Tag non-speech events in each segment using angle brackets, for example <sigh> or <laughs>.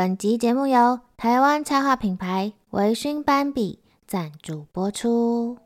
本集節目由台灣插畫品牌微醺斑比贊助播出。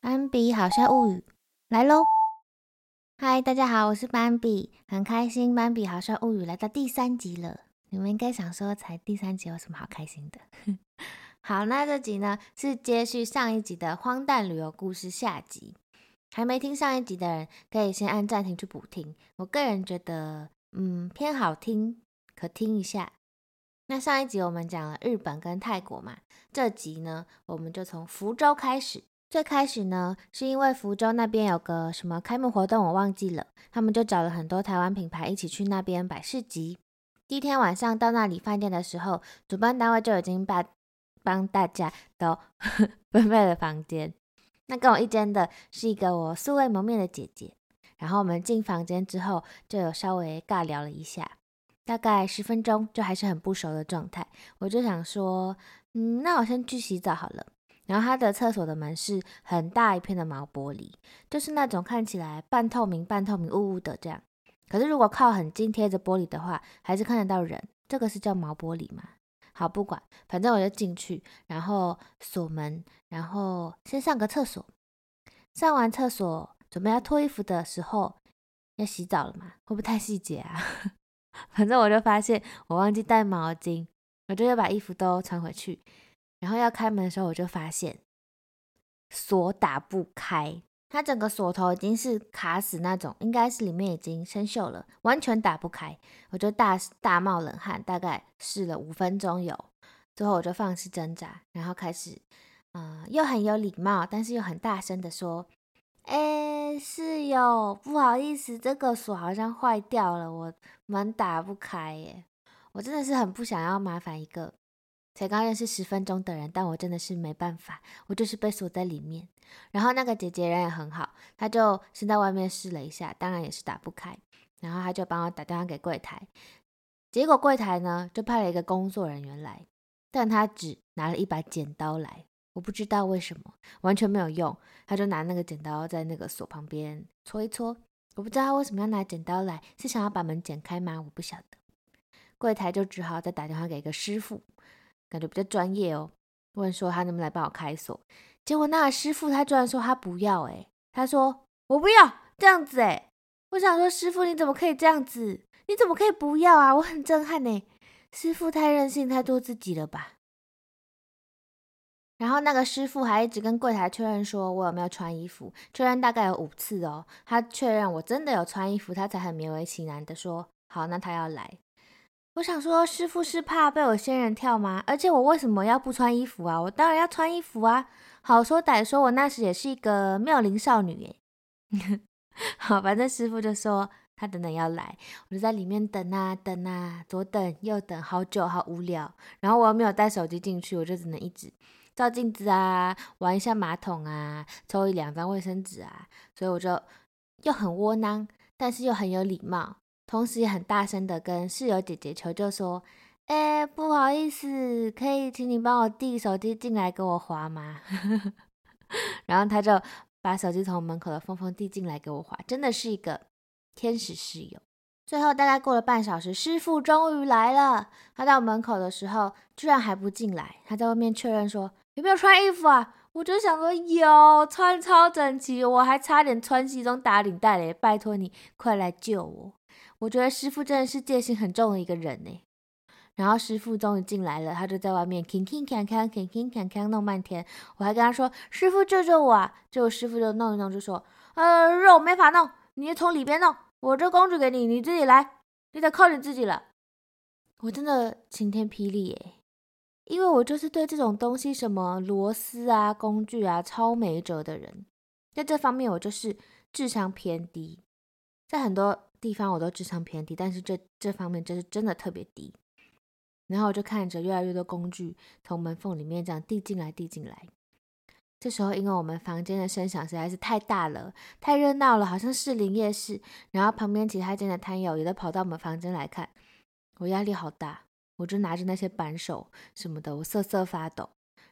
斑 <noise> 比，好像物語，來嘍！嗨，大家好，我是斑比，很開心，斑比搞笑物語來到第三集了。你們應該想說，才第三集有什麼好開心的？ <laughs> 好，那這集呢，是接續上一集的荒誕旅遊故事下集。還沒聽上一集的人，可以先按暫停去補聽。我個人覺得，嗯，偏好聽，可聽一下。那上一集我們講了日本跟泰國嘛，這集呢，我們就從福州開始。最開始呢，是因為福州那邊有個什麼開幕活動，我忘記了，他們就找了很多台灣品牌一起去那邊擺市集。第一天晚上到那裡飯店的時候，主辦單位就已經把幫大家都呵呵分配了房間。那跟我一間的是一個我素未謀面的姐姐。然後我們進房間之後，就有稍微尬聊了一下，大概十分鐘，就還是很不熟的狀態。我就想說，嗯，那我先去洗澡好了。然後他的廁所的門是很大一片的毛玻璃，就是那種看起來半透明、半透明、霧霧的這樣。可是如果靠很近貼着玻璃的話，還是看得到人。這個是叫毛玻璃嗎？好，不管，反正我就進去，然後鎖門，然後先上個廁所。上完廁所，準備要脫衣服的時候，要洗澡了嘛？會不會太細節啊？ <laughs> 反正我就發現我忘記帶毛巾，我就要把衣服都穿回去。然後要開門的時候，我就發現鎖打不開，它整個鎖頭已經是卡死那種，應該是裡面已經生銹了，完全打不開。我就大大冒冷汗，大概試了五分鐘有，最後我就放棄掙扎，然後開始，嗯、呃，又很有禮貌，但是又很大聲的說：“哎，室友，不好意思，這個鎖好像壞掉了，我門打不開耶，我真的是很不想要麻煩一個。”才剛認識十分鐘的人，但我真的是沒辦法，我就是被鎖在裡面。然後那個姐姐人也很好，她就先在外面試了一下，當然也是打不開。然後她就幫我打電話給櫃檯，結果櫃檯呢就派了一個工作人員來，但她只拿了一把剪刀來，我不知道為什麼，完全沒有用。她就拿那個剪刀在那個鎖旁邊搓一搓，我不知道為什麼要拿剪刀來，是想要把門剪開嗎？我不曉得。櫃檯就只好再打電話給一個師傅。感覺比較專業哦，問說他能不能來幫我開鎖，結果那個師傅他居然說他不要哎，他說我不要這樣子哎，我想說師傅，你怎麼可以這樣子，你怎麼可以不要啊？我很震撼哎，師傅太任性太做自己了吧。然後那個師傅還一直跟櫃檯確認說我有沒有穿衣服，確認大概有五次哦，他確認我真的有穿衣服，他才很勉為其難的說好，那他要來。我想說，師傅是怕被我仙人跳嗎？而且我為什麼要不穿衣服啊？我當然要穿衣服啊！好說歹說，我那時也是一個妙齡少女哎。 <laughs> 好，反正師傅就說他等等要來，我就在裡面等啊等啊，左等右等，好久好無聊。然後我又沒有帶手機進去，我就只能一直照鏡子啊，玩一下馬桶啊，抽一兩張衛生紙啊。所以我就又很窩囊，但是又很有禮貌。同時也很大聲的跟室友姐姐求救說：“哎、欸，不好意思，可以請你幫我遞手機進來給我滑嗎？”呵呵呵。然後他就把手機從門口的縫縫遞進來給我滑，真的是一個天使室友。最後大概過了半小時，師傅終於來了。他到門口的時候居然還不進來，他在外面確認說：“有沒有穿衣服啊？”我就想說：“有，穿超整齊，我還差點穿西裝打領帶嘞，拜托你快來救我。”我覺得師傅真的是戒心很重的一個人，欸、然後師傅終於進來了，他就在外面吭吭鏘鏘、吭吭鏘弄半天。我還跟他說：“師傅，救救我啊！”結果師傅就弄一弄，就說：“呃、啊，肉沒法弄，你從裡邊弄。我這工具給你，你自己來，你得靠你自己了。”我真的晴天霹靂哎！因為我就是對這種東西，什麼螺絲啊、工具啊，超沒轍的人。在這方面，我就是智商偏低，在很多。地方我都智商偏低，但是這這方面就是真的特別低。然後我就看着越來越多工具從門縫裡面這樣遞進來、遞進來。這時候，因為我們房間的聲響實在是太大了、太熱鬧了，好像士林夜市。然後旁邊其他間的攤友也都跑到我們房間來看，我壓力好大。我就拿着那些扳手什麼的，我瑟瑟發抖。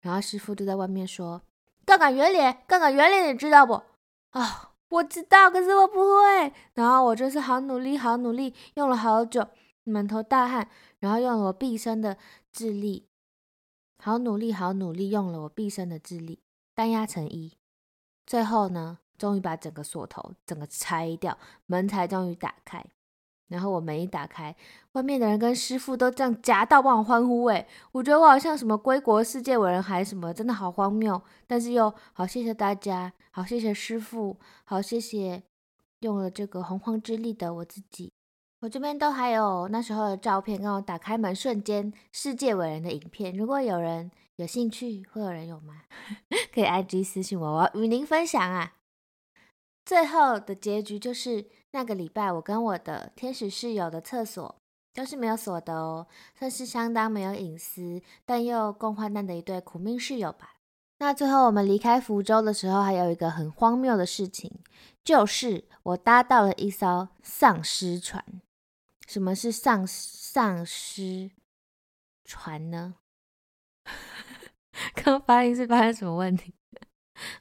然後師傅就在外面說：“槓桿原理，槓桿原理，你知道不？”啊。我知道，可是我不會。然後我就是好努力，好努力，用了好久，滿頭大汗。然後用了我畢生的智力，好努力，好努力，用了我畢生的智力，單壓成一。最後呢，終於把整個鎖頭整個拆掉，門才終於打開。然後我門一打開，外面的人跟師傅都這樣夾道幫我歡呼，哎，我覺得我好像什麼歸國世界偉人還什麼，真的好荒謬，但是又好謝謝大家，好謝謝師傅，好謝謝用了這個洪荒之力的我自己，我這邊都還有那時候的照片，跟我打開門瞬間世界偉人的影片。如果有人有興趣，會有人有嗎？ <laughs> 可以 IG 私信我，我要與您分享啊。最後的結局就是。那個禮拜，我跟我的天使室友的廁所都是沒有鎖的哦，算是相當沒有隱私，但又共患難的一對苦命室友吧。那最後我們離開福州的時候，還有一個很荒謬的事情，就是我搭到了一艘喪屍船。什麼是喪喪屍、喪屍船呢？ <laughs> 剛發音是發現什麼問題的？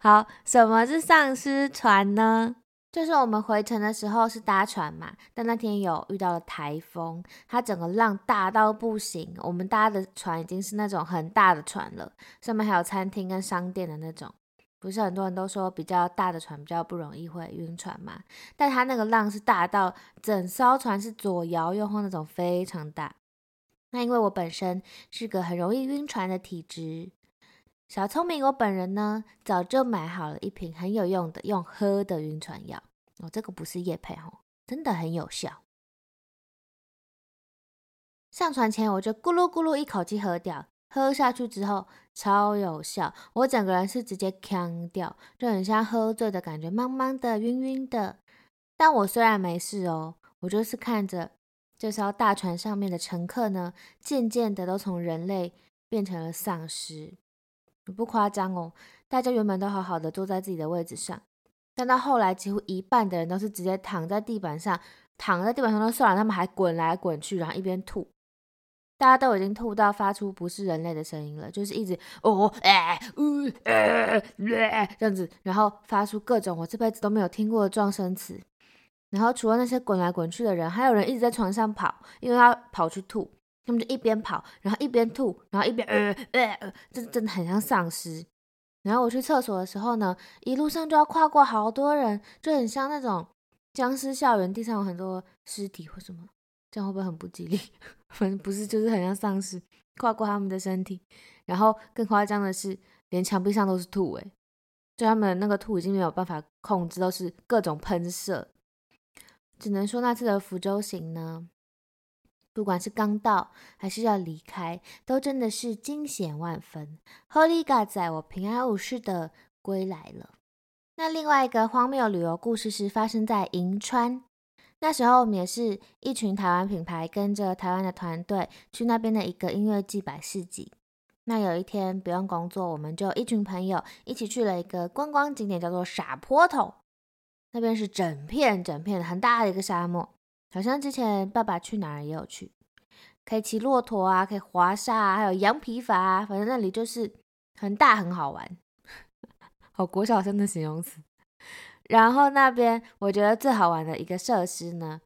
好，什麼是喪屍船呢？就是我們回程的時候是搭船嘛，但那天有遇到了台風，它整個浪大到不行。我們搭的船已經是那種很大的船了，上面還有餐廳跟商店的那種。不是很多人都說比較大的船比較不容易會暈船嘛，但它那個浪是大到整艘船是左搖右晃那種非常大。那因為我本身是個很容易暈船的體質。小聰明，我本人呢早就買好了一瓶很有用的用喝的暈船藥哦，這個不是業配吼、哦，真的很有效。上船前我就咕嚕咕嚕一口氣喝掉，喝下去之後超有效，我整個人是直接嗆掉，就很像喝醉的感覺，茫茫的、暈暈的。但我雖然沒事哦，我就是看着這艘大船上面的乘客呢，漸漸的都從人類變成了喪屍。不誇張哦，大家原本都好好的坐在自己的位置上，但到後來幾乎一半的人都是直接躺在地板上，躺在地板上都算了，他們還滾來滾去，然後一邊吐，大家都已經吐到發出不是人類的聲音了，就是一直哦哎呃啦、呃呃、這樣子，然後發出各種我這輩子都沒有聽過的狀聲詞，然後除了那些滾來滾去的人，還有人一直在船上跑，因為他跑去吐。他們就一邊跑，然後一邊吐，然後一邊呃呃，這、呃呃、真的很像喪屍。然後我去廁所的時候呢，一路上就要跨過好多人，就很像那種僵屍校園，地上有很多屍體或什麼，這樣會不會很不吉利？反正不是，就是很像喪屍，跨過他們的身體。然後更誇張的是，連牆壁上都是吐，哎，就他們那個吐已經沒有辦法控制，都是各種噴射。只能說那次的福州行呢。不管是剛到還是要離開，都真的是驚險萬分。Holy God a 我平安無事的歸來了。那另外一個荒謬旅遊故事是發生在銀川，那時候我們也是一群台灣品牌跟着台灣的團隊去那邊的一個音樂祭擺市集。那有一天不用工作，我們就一群朋友一起去了一個觀光景點，叫做沙坡頭。那邊是整片整片很大的一個沙漠。好像之前《爸爸去哪兒》也有去，可以騎駱駝啊，可以滑沙啊，還有羊皮筏啊，反正那裡就是很大很好玩。好，國小生的形容詞。 <laughs> 然後那邊我覺得最好玩的一個設施呢，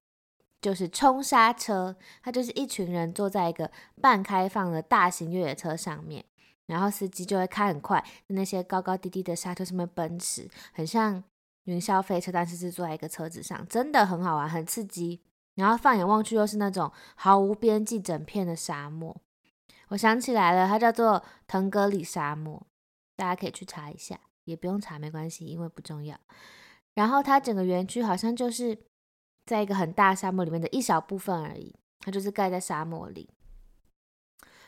就是沖沙車。它就是一群人坐在一個半開放的大型越野車上面，然後司機就會開很快，那些高高低低的沙丘上面奔馳，很像雲霄飛車，但是是坐在一個車子上，真的很好玩，很刺激。然後放眼望去，又是那種毫無邊際、整片的沙漠。我想起來了，它叫做騰格里沙漠，大家可以去查一下，也不用查，沒關係，因為不重要。然後它整個園區好像就是在一個很大沙漠裡面的一小部分而已，它就是蓋在沙漠裡。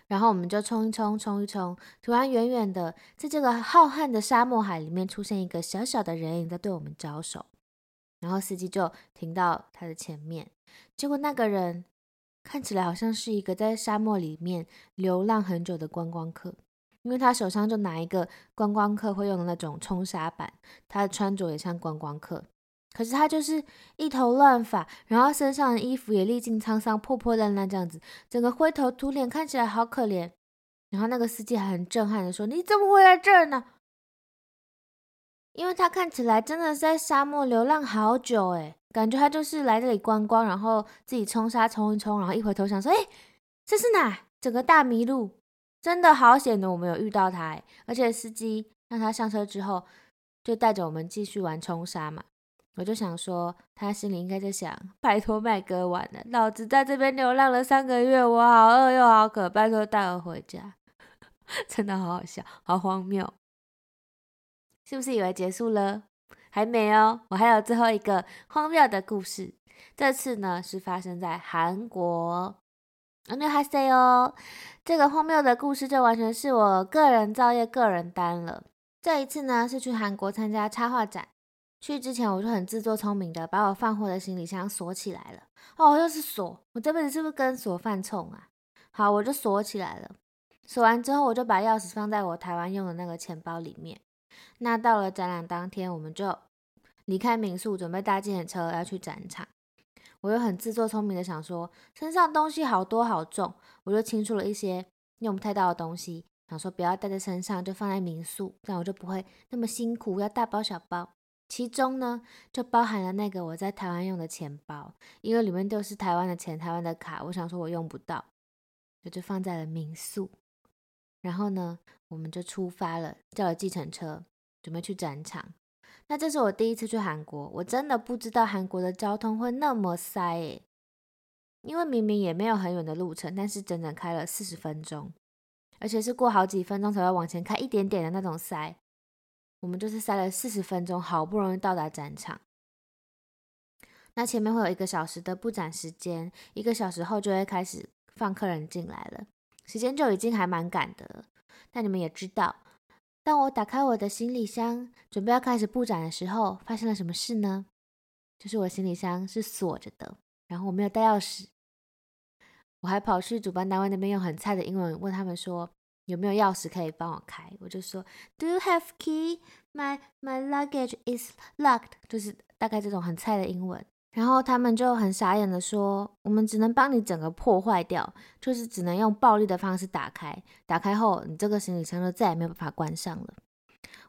然後我們就衝一衝，衝一衝，突然遠遠的，在這個浩瀚的沙漠海裡面，出現一個小小的人影在對我們招手。然後司機就停到他的前面，結果那個人看起來好像是一個在沙漠裡面流浪很久的觀光客，因為他手上就拿一個觀光客會用的那種沖沙板，他的穿着也像觀光客，可是他就是一頭亂髮，然後身上的衣服也歷經滄桑，破破爛爛這樣子，整個灰頭土臉，看起來好可憐。然後那個司機還很震撼的說：“你怎麼會在這兒呢？”因為他看起來真的是在沙漠流浪好久哎，感覺他就是來這裡觀光，然後自己衝沙衝一衝，然後一回頭想說，哎，這是哪？整個大迷路，真的好險的，我們有遇到他哎。而且司機讓他上車之後，就帶着我們繼續玩衝沙嘛。我就想說，他心裡應該在想，拜託麥哥玩了，老子在這邊流浪了三個月，我好餓又好渴，拜託帶我回家， <laughs> 真的好好笑，好荒謬。是不是以為結束了？還沒哦，我還有最後一個荒謬的故事。這次呢是發生在韓國，我沒有哈塞哦。這個荒謬的故事就完全是我個人造業、個人擔了。這一次呢是去韓國參加插畫展，去之前我就很自作聰明的把我放貨的行李箱鎖起來了。哦，又是鎖，我這輩子是不是跟鎖犯沖啊？好，我就鎖起來了。鎖完之後，我就把鑰匙放在我台灣用的那個錢包裡面。那到了展覽當天，我們就離開民宿，準備搭計程車要去展場。我又很自作聰明的想說，身上東西好多好重，我就清出了一些用不太到的東西，想說不要帶在身上，就放在民宿，這樣我就不會那麼辛苦，要大包小包。其中呢，就包含了那個我在台灣用的錢包，因為裡面都是台灣的錢、台灣的卡，我想說我用不到，我就放在了民宿。然後呢，我們就出發了，叫了計程車，準備去展場。那這是我第一次去韓國，我真的不知道韓國的交通會那麼塞誒，因為明明也沒有很遠的路程，但是整整開了四十分鐘，而且是過好幾分鐘才會往前開一點點的那種塞。我們就是塞了四十分鐘，好不容易到達展場。那前面會有一個小時的布展時間，一個小時後就會開始放客人進來了。時間就已經還蠻趕的，但你們也知道，當我打開我的行李箱，準備要開始布展的時候，發生了什麼事呢？就是我行李箱是鎖着的，然後我沒有帶鑰匙，我還跑去主辦單位那邊用很菜的英文問他們說有沒有鑰匙可以幫我開，我就說 Do you have key? My my luggage is locked，就是大概這種很菜的英文。然後他們就很傻眼的說：“我們只能幫你整個破壞掉，就是只能用暴力的方式打開。打開後，你這個行李箱就再也沒有辦法關上了。”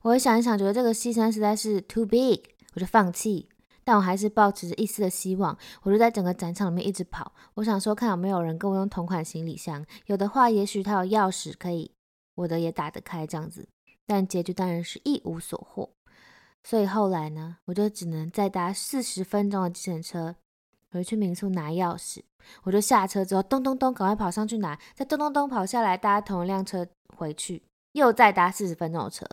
我會想一想，覺得這個犧牲實在是 too big，我就放棄。但我還是抱持着一絲的希望，我就在整個展場裡面一直跑。我想說，看有沒有人跟我用同款行李箱，有的話，也許他有鑰匙可以我的也打得開這樣子。但結局當然是一無所獲。所以後來呢，我就只能再搭四十分鐘的計程車回去民宿拿鑰匙。我就下車之後，咚咚咚，趕快跑上去拿，再咚咚咚跑下來搭同一輛車回去，又再搭四十分鐘的車。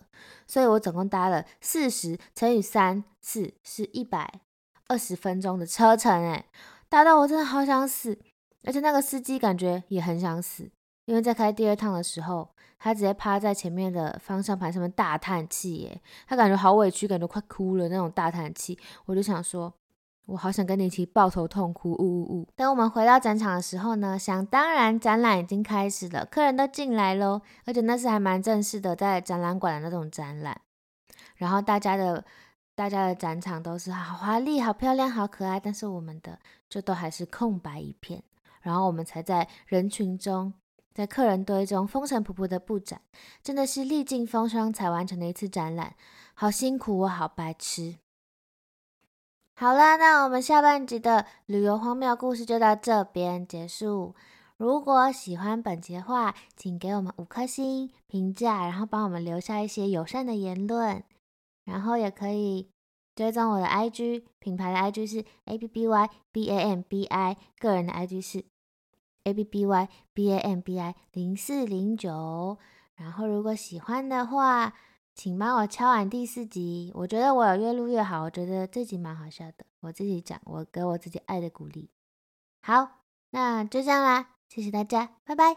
所以我總共搭了四十乘以三次是一百二十分鐘的車程，誒搭到我真的好想死，而且那個司機感覺也很想死，因為在開第二趟的時候，他直接趴在前面的方向盤上面大嘆氣耶，他感覺好委屈，感覺快哭了那種大嘆氣。我就想說，我好想跟你一起抱頭痛哭，嗚嗚嗚！等我們回到展場的時候呢，想當然展覽已經開始了，客人都進來嘍，而且那是還蠻正式的，在展覽館的那種展覽。然後大家的大家的展場都是好華麗、好漂亮、好可愛，但是我們的就都還是空白一片。然後我們才在人群中。在客人堆中風塵僕僕的布展，真的是歷經風霜才完成的一次展覽，好辛苦，我好白痴。好啦，那我們下半集的旅遊荒謬故事就到這邊結束。如果喜歡本集的話，請給我們五顆星評價，然後幫我們留下一些友善的言論，然後也可以追蹤我的 IG，品牌的 IG 是 A B B Y B A M B I，個人的 IG 是。a b b y b a m b i 零四零九，然後如果喜歡的話，請幫我敲碗第四集。我覺得我有越錄越好，我覺得這集蠻好笑的，我自己講，我給我自己愛的鼓勵。好，那就這樣啦，謝謝大家，拜拜。